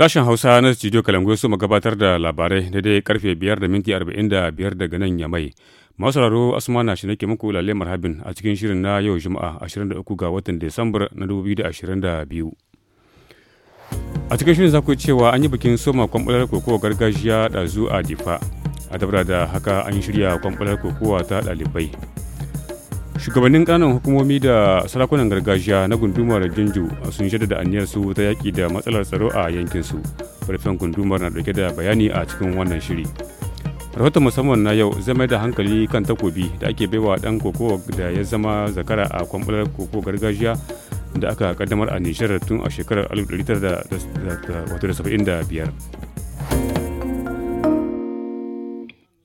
Sashen Hausa na Studio Kalangoyo su gabatar da labarai dai karfe biyar da minti arba'in 45 daga nan ya Yamai. Masararo na shi nake muku lalle marhabin a cikin shirin na yau Juma'a 23 ga watan Desambar na 2022. A cikin shirin za ku cewa an yi bikin soma kwamfular kokowa gargajiya ɗazu a Difa. A dabara da haka an shirya kwamfular kokowa ta ɗalibai. shugabannin ƙananan hukumomi da sarakunan gargajiya na gundumar jinju sun jaddada su ta yaki da matsalar tsaro a yankin su farfen gundumar na dauke da bayani a cikin wannan shiri rahoton musamman na yau zai mai da hankali kan takobi da ake baiwa dan koko da ya zama zakara a kwambular koko gargajiya da aka kaddamar a nishar tun a shekarar 1975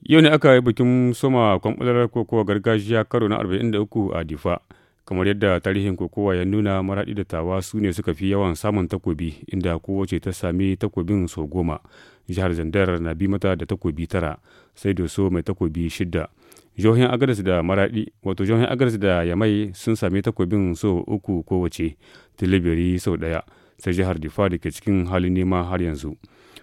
Yau ne aka yi bikin soma kwamɓalar kokowa gargajiya karo na 43 a Difa. Kamar yadda tarihin kokowa ya nuna maraɗi da tawa su ne suka fi yawan samun takobi inda kowace ta sami takobin sau goma. Jihar Zandar na bi mata da takobi tara sai doso mai takobi shidda. Jihohin Agadas da Maraɗi wato jihohin Agadas da Yamai sun sami takobin sau uku kowace, Tilibiri sau ɗaya sai jihar Difa da ke cikin halin nema har yanzu.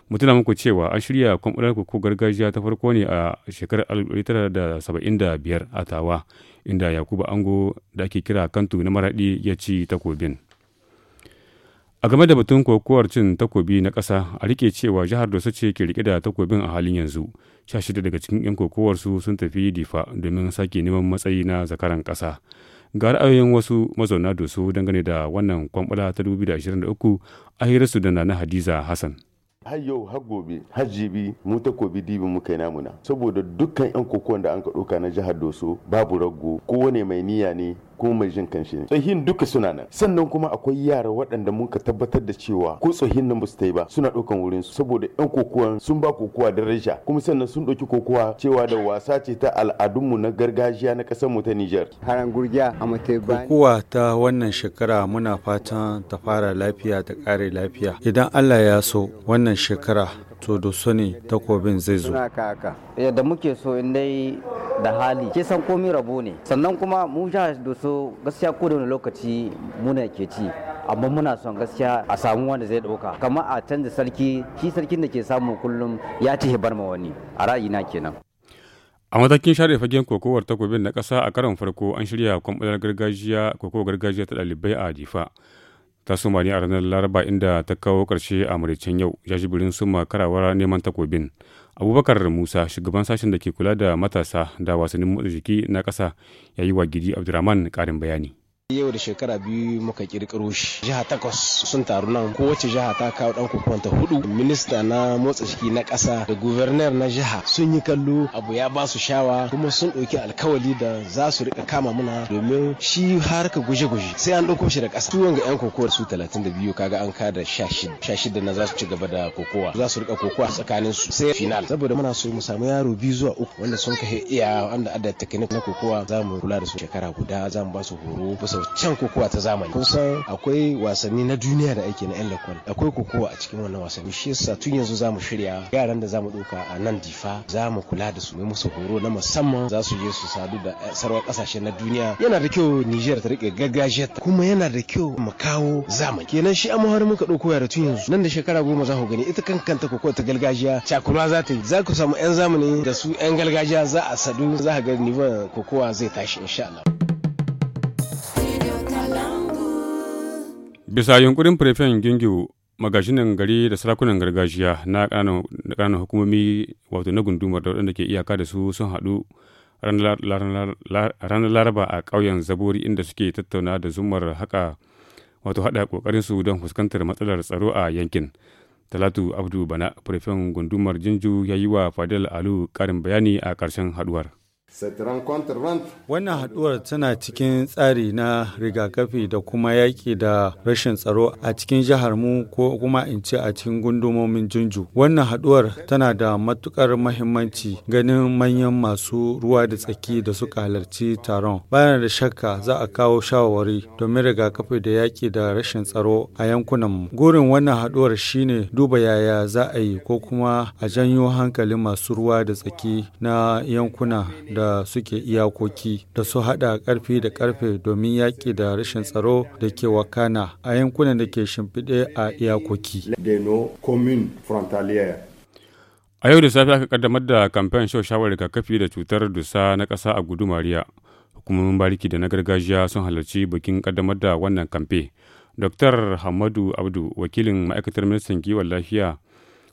mu tuna muku cewa an shirya kwamfular ko gargajiya ta farko ne a shekarar 1975 a tawa inda yakubu ango da ake kira kantu na maraɗi ya ci takobin a game da batun kokowar cin takobi na ƙasa a rike cewa jihar su ce ke rike da takobin a halin yanzu sha shida daga cikin 'yan kokowarsu sun tafi difa domin sake neman matsayi na zakaran ƙasa ga ra'ayoyin wasu mazauna dosu dangane da wannan kwamfula ta 2023 a hirarsu da na hadiza hassan har yau har gobe har jibi mu takobi dibin mu kai namuna saboda dukkan yan kokon da an ka doka na jihar doso babu raggo kowane mai niyya ne kuma mai jin kanshi ne tsohin duka suna nan sannan kuma akwai yara waɗanda mun ka tabbatar da cewa ko tsohin nan ba ta yi ba suna ɗaukan wurin su saboda yan kokuwan sun ba kokuwa daraja kuma sannan sun ɗauki kokuwa cewa da wasa ce ta al'adunmu na gargajiya na ƙasar mu ta Nijar. Haran gurgiya a Kokuwa ta wannan shekara muna fatan ta fara lafiya ta ƙare lafiya idan Allah ya so wannan shekara to da sani takobin zai zo yadda muke so in dai da hali ke san komi rabo ne sannan kuma mu da so gaskiya ko da wani lokaci muna ke ci amma muna son gaskiya a samu wanda zai ɗauka kamar a canza sarki shi sarkin da ke samu kullum ya ci hibar ma wani a ra'ayina kenan a matakin share fagen kokowar takobin na kasa a karon farko an shirya kwamfutar gargajiya kokowar gargajiya ta ɗalibai a jifa ta suma ne a ranar laraba inda ta kawo ƙarshe a maraicen yau jajibirin suma karawar neman takobin abubakar musa shugaban sashen da ke kula da matasa da wasannin motsa jiki na ƙasa ya yi wa gidi abdurrahman ƙarin bayani yau da shekara biyu muka kirkiro shi jiha takwas sun taru nan kowace jiha ta kawo dan kukunta hudu minista na motsa jiki na kasa da guvernar na jiha sun yi kallo abu ya ba su shawa kuma sun ɗauki alkawali da za su rika kama muna domin shi harka guje-guje sai an ɗauko shi da kasa tuwon ga yan kokowa su talatin da biyu kaga an ka da shida na za su ci gaba da kokowa za su rika kokowa tsakanin su sai final saboda muna so mu samu yaro biyu zuwa uku wanda sun kai iya wanda adda teknik na kokowa za mu kula da su shekara guda za mu ba su horo can kokowa ta zamani kun san akwai wasanni na duniya da ake na 'yan lakwal akwai kokowa a cikin wannan wasanni shi yasa tun yanzu zamu shirya yaran da zamu ɗauka a nan difa zamu kula da su mai musu horo na musamman za su je su sadu da eh, Sarwa ƙasashe na duniya yana da kyau Nijar ta rike gargajiyar kuma yana da kyau mu kawo zamani kenan shi amma har muka ɗauko yara tun yanzu nan da shekara goma za ku gani ita kankanta kokowa ta gargajiya cakulma za ta yi za ku samu 'yan zamani da su 'yan gargajiya za a sadu za ka ga nivan kokowa zai tashi insha Allah. Bisa yunkurin Firfen gingu magashinan gari da sarakunan gargajiya na ƙananan hukumomi wato na gundumar da waɗanda ke iyaka da su sun haɗu ranar laraba a ƙauyen zaburi inda suke tattauna da zumar haka wato haɗa su don fuskantar matsalar tsaro a yankin talatu abdu bana firfen gundumar jinju ya yi wa fadil alu ƙarin bayani a ƙarshen haɗuwar Wannan haɗuwar tana cikin tsari na rigakafi da kuma yaƙi da rashin tsaro a cikin jihar mu ko kuma in ce a cikin gundumomin Junju. Wannan haɗuwar tana da matuƙar mahimmanci ganin manyan masu ruwa da tsaki da suka halarci taron. Bayan da shakka za a kawo shawarwari domin rigakafi da yaƙi da rashin tsaro a yankunan mu. Gurin wannan haɗuwar shine duba yaya za a yi ko kuma a janyo hankalin masu ruwa da tsaki na yankuna da da suke iyakoki da su haɗa karfi da karfe domin yaƙi da rashin tsaro da ke wakana a yankunan da ke shimfiɗe a iyakoki. A yau da safe aka kaddamar da kamfen shau da rigakafi da cutar dusa na ƙasa a gudu Mariya. Hukumomin bariki da na gargajiya sun halarci bikin kaddamar da wannan kamfe. Dr. Hamadu Abdu, wakilin ma'aikatar ministan kiwon lafiya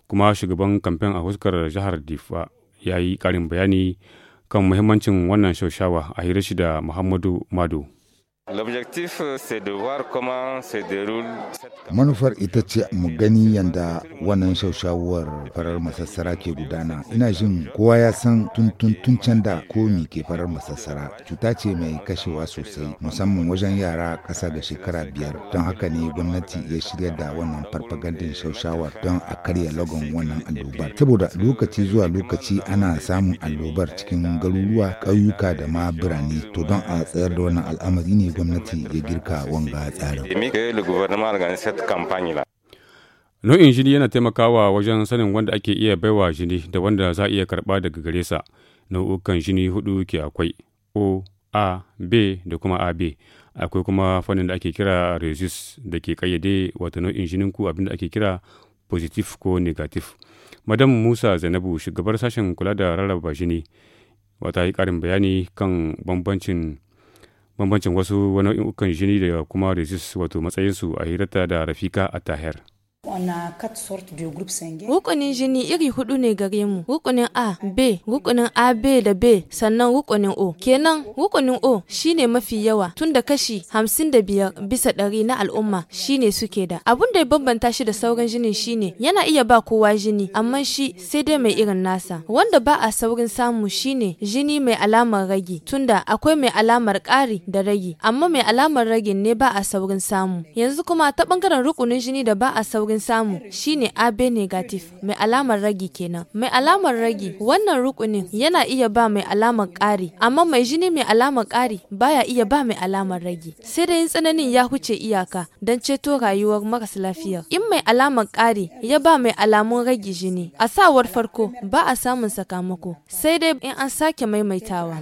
kuma shugaban kamfen a huskar jihar Difa, ya yi ƙarin bayani kan muhimmancin wannan shaushawa a hira shi da Muhammadu Mado. Euh, Manufar ita ce mu gani yadda wannan shaushawar farar masassara ke gudana ina jin kowa ya san tun can da komi ke farar masassara cuta ce mai kashewa sosai musamman wajen yara ƙasa da shekara biyar don haka ne gwamnati ya shirya da wannan farfagandin shaushawar don a karya lagon wannan allobar saboda lokaci zuwa lokaci ana samun allobar cikin garuruwa ƙauyuka da ma birane to don a tsayar da wannan al'amari ne gwamnati ya girka wanga tsarin. Nau'in jini yana taimakawa wajen sanin wanda ake iya baiwa jini da wanda za a iya karɓa daga gare sa. Nau'ukan jini hudu ke akwai O, A, B da kuma AB. Akwai kuma fannin da ake kira resus da ke ƙayyade wata nau'in jinin ku abin da ake kira positif ko negatif. Madam Musa Zainabu shugabar sashen kula da rarraba jini wata yi ƙarin bayani kan bambancin bambancin wasu ukan jini da kuma resist wato matsayinsu a hirarta da Rafika a Tahir. Rukunin jini iri hudu ne gare mu. Rukunin A, B, rukunin b da B, sannan rukunin O. Kenan rukunin O shine mafi yawa tunda kashi hamsin da biyar bisa ɗari na al'umma shine suke da. Abun da ya bambanta shi da sauran jinin shine yana iya ba kowa jini amma shi sai dai mai irin nasa. Wanda ba a saurin samu shine jini mai alamar ragi tunda akwai mai alamar ƙari da ragi amma mai alamar ragin ne ba a saurin samu. Yanzu kuma ta ɓangaren rukunin jini da ba a saurin samu shine AB negative mai alamar ragi kenan. Mai alamar ragi wannan rukunin yana iya ba mai alamar ƙari amma mai jini mai alamar ƙari baya iya ba mai alamar ragi. Sai dai tsananin ya huce iyaka don ceto rayuwar maras lafiyar. In mai alamar ƙari ya ba mai alamun ragi jini a sawar farko ba a samun sakamako sai dai in an sake maimaitawa.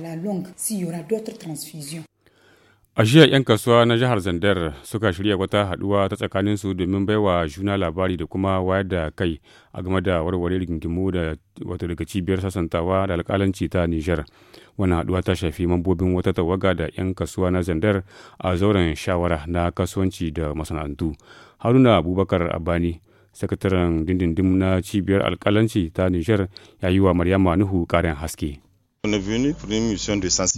A jiya 'yan kasuwa na jihar Zandar suka shirya wata haɗuwa ta tsakaninsu domin baiwa juna labari da kuma wayar da kai a game da warware rigingimu da wato daga cibiyar sasantawa da alkalanci ta Nijar. Wannan haɗuwa ta shafi mambobin wata tawaga da 'yan kasuwa na Zandar a zauren shawara na kasuwanci da masana'antu. Haruna Abubakar Abani, sakataren dindindin na cibiyar alkalanci ta Nijar, ya yi wa Maryama Nuhu ƙarin haske.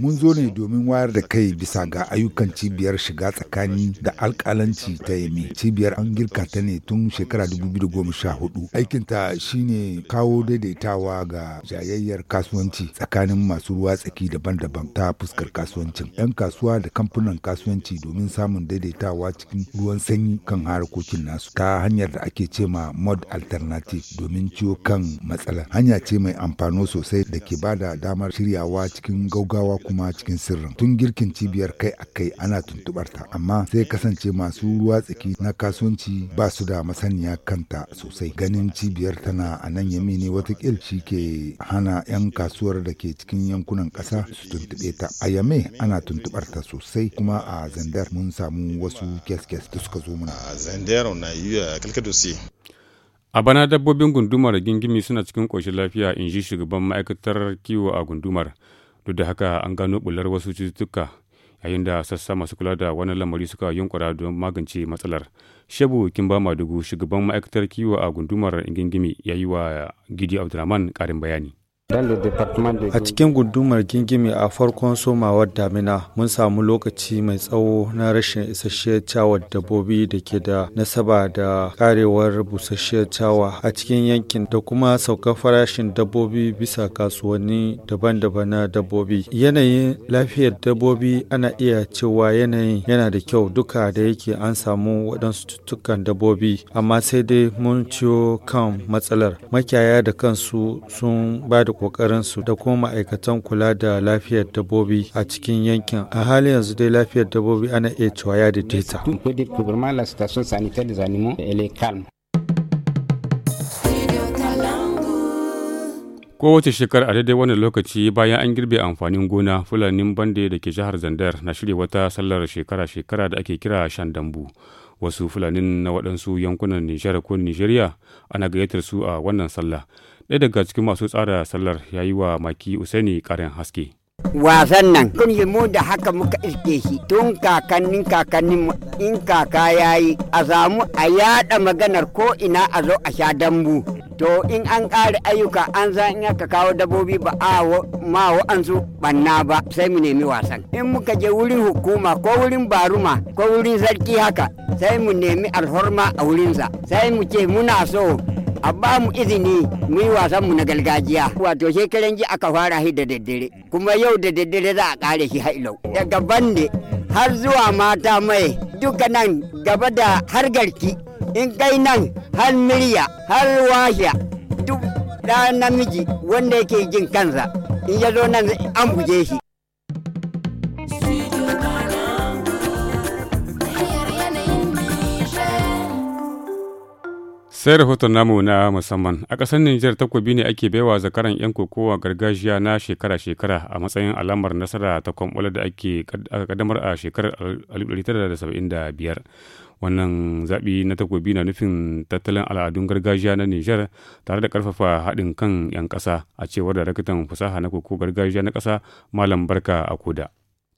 Mun zo ne domin wayar da kai bisa ga ayyukan cibiyar shiga tsakani da alkalanci ta yame. Cibiyar an girka ta ne tun shekara 2014. Aikinta shine kawo daidaitawa ga jayayyar kasuwanci tsakanin masu ruwa tsaki daban-daban ta fuskar kasuwancin. 'Yan kasuwa da kamfunan kasuwanci domin samun daidaitawa cikin ruwan sanyi kan harkokin nasu ta hanyar da ake ce ma mod alternative domin ciwo kan matsala. Hanya ce mai amfano sosai da ke ba da damar shiryawa cikin gaugawa kuma cikin sirrin. Tun girkin cibiyar kai a kai ana tuntubar ta amma sai kasance masu ruwa tsaki na kasuwanci ba su da masaniya kanta sosai. Ganin cibiyar tana a nan yami ne watakil shi ke hana 'yan kasuwar da ke cikin yankunan ƙasa su tuntuɓe ta. A yame ana tuntubar ta sosai kuma a zandar mun samu wasu kes kes da suka zo muna. A zandar na yi A bana dabbobin gundumar gingimi suna cikin ƙoshin lafiya in ji shugaban ma'aikatar kiwo a gundumar. Duk da haka an gano bular wasu cututtuka yayin da sassa masu kula da wani lamari suka yunkura don magance matsalar. Shebu Kimba Madugu shugaban ma'aikatar kiwo a gundumar gingimi ya yi wa Gidi Abdulrahman karin bayani. A cikin gudumar gingimi a farkon somawar damina mun samu lokaci mai tsawo na rashin isasshiyar cawa dabbobi da ke da nasaba da karewar busasshiyar cawa a cikin yankin da kuma saukar farashin dabbobi bisa kasuwanni daban-daban na dabbobi. Yanayin lafiyar dabbobi ana iya cewa yanayin yana da kyau duka da yake an samu waɗansu cututtukan dabbobi amma sai dai mun ciyo kan matsalar. Makiyaya da kansu sun ba da su da kuma ma'aikatan kula da lafiyar dabbobi a cikin yankin. A halin yanzu dai lafiyar dabbobi ana iya cewa ya daidaita. Kowace shekara a daidai wannan lokaci bayan an girbe amfanin gona fulani Bande da ke jihar Zandar na shirya wata sallar shekara-shekara da ake kira shan dambu. Wasu Fulanin na waɗansu yankunan Nijar ko Nijeriya ana gayyatar su a wannan sallah. ɗaya daga cikin masu tsara sallar ya yi wa maki usaini ƙarin haske wasan nan kun yi mu da haka muka iske shi tun kakannin kakannin in kaka ya yi a samu a yada maganar ko ina a zo a sha dambu to in an ƙare ayyuka an san in aka kawo dabobi ba a ma wa'ansu banna ba sai mu nemi wasan in muka je wurin hukuma ko wurin baruma ko wurin sarki haka sai mu nemi alhorma a wurinsa sai mu ce muna so a ba mu izini mu yi wasan mu na gargajiya wato shekaran ji aka fara shi da daddare kuma yau da daddare za a kare shi hailau daga bande har zuwa mata mai duka nan gaba da har garki in kai nan har mirya har washa duk da namiji wanda yake jin kansa in ya zo nan an buje shi sai rahoton namu na musamman a ƙasar nijar takobi ne ake baiwa zakaran 'yan kokowa gargajiya na shekara-shekara a matsayin alamar nasara ta kwamɓula da ake kaddamar a shekarar 1975 wannan zaɓi na takobi na nufin tattalin al'adun gargajiya na niger tare da ƙarfafa haɗin kan 'yan ƙasa a cewar da rakitan fasaha na koko gargajiya na ƙasa malam barka a koda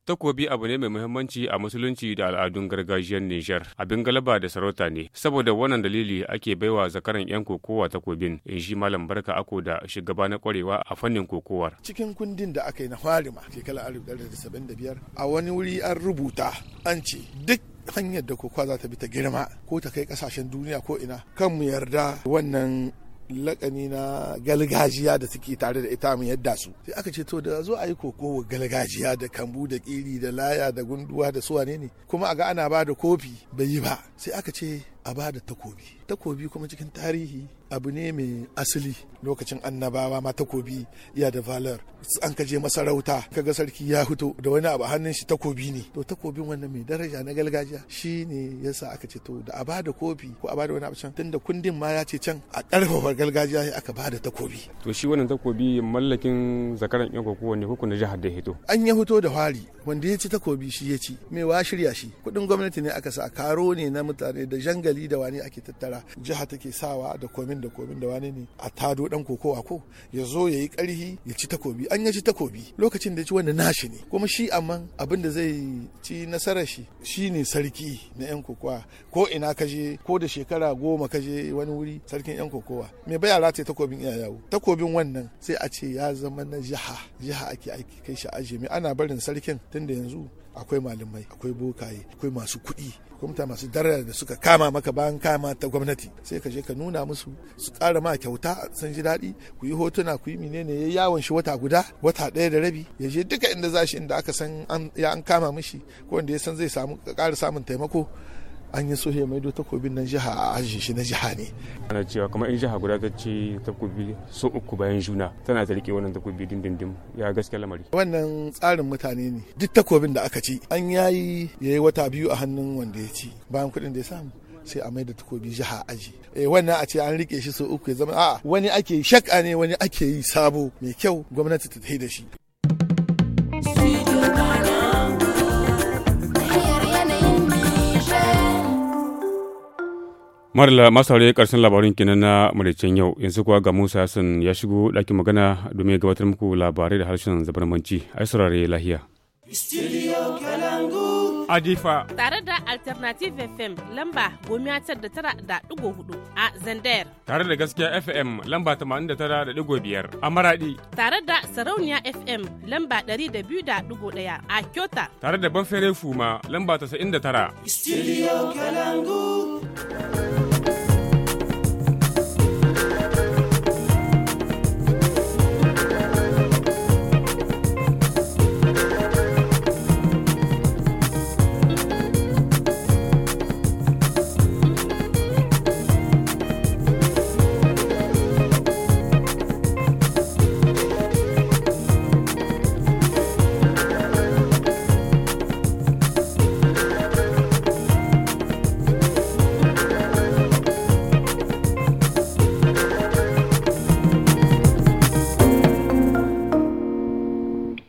Takobi abu ne mai muhimmanci a musulunci da al'adun gargajiyar Nijar. Abin galaba da sarauta ne. Saboda wannan dalili ake baiwa zakaran 'yan kokowa takobin in shi Malam Barka Ako da shugaba na kwarewa a fannin kokowar. Cikin kundin da aka yi na Farima shekarar 1975 a wani wuri an rubuta an ce duk hanyar da kokowa za ta bi ta girma ko ta kai kasashen duniya ko ina kan mu yarda wannan lakani na galgajiya da suke tare da ita mu yadda su sai aka ce to da zo a yi kokowa galgajiya da kambu da kiri da laya da gunduwa da su ne kuma a ga ana ba da kofi bai yi ba sai aka ce a ba da takobi takobi kuma cikin tarihi abu ne mai asali lokacin annabawa ma takobi ya da valar an kaje masarauta kaga sarki ya fito da wani abu hannun shi takobi ne to takobin wannan mai daraja na gargajiya shine yasa aka ce to da a bada kofi ko a bada wani abu can tunda kundin ma ya ce can a karfafa gargajiya sai aka da takobi to shi wannan takobi mallakin zakaran yan koko ne ko na jihar da hito an ya fito da fari wanda ya ci takobi shi ya ci mai wa shirya shi kuɗin gwamnati ne aka sa karo ne na mutane da jangali da wani ake tattara jiha take sawa da komin da komin da wane ne a tado dan kokowa ko ya zo ya yi karhi ya ci takobi an ya ci takobi lokacin da ya ci wanda nashi ne kuma shi amma abin da zai ci nasarar shi ne sarki na yan kokowa ko ina kaje ko da shekara goma kaje wani wuri sarkin yan kokowa mai baya rataye takobin iya yawo takobin wannan sai a ce ya zama na jiha jiha ake aiki kai shi ajiye me ana barin sarkin tun da yanzu akwai malamai akwai bokaye akwai masu kuɗi akwai mutane masu daraja da suka kama maka bayan kama ta gwamnati sai ka je ka nuna musu su ƙara ma kyauta san ji daɗi ku yi hotuna ku yi menene ya yawon shi wata guda wata ɗaya da rabi ya je duka inda za shi inda aka san ya an kama mishi ko wanda ya san zai samu ƙara samun taimako an yi so ya maido takobin nan jiha a aji shi na jiha ne ana cewa kamar in jiha guda ta ce takobi so uku bayan juna tana ta rike wannan takobi dindindim ya gaske lamari wannan tsarin mutane ne duk takobin da aka ci an yayi yi wata biyu a hannun wanda ya ci bayan kuɗin da ya samu sai a mai da takobi jiha aji e wannan a ce an rike shi so uku ya zama a'a wani ake shakka ne wani ake yi sabo mai kyau gwamnati ta da shi Marla masu haure karshen labarin kinan na maraicen yau yanzu kuwa ga Musa Hassan ya shigo ɗakin magana domin gabatar muku labarai da harshen zabarmanci ai saurare lahiya. Adifa. Tare da Alternative FM lamba gomiya tar da tara da ɗigo hudu a Zandayar. Tare da gaskiya FM lamba tamanin da tara da ɗigo biyar a Maradi. Tare da Sarauniya FM lamba ɗari da biyu da ɗigo ɗaya a Kyota. Tare da Banfere Fuma lamba tasa'in da tara. Studio Kalangu.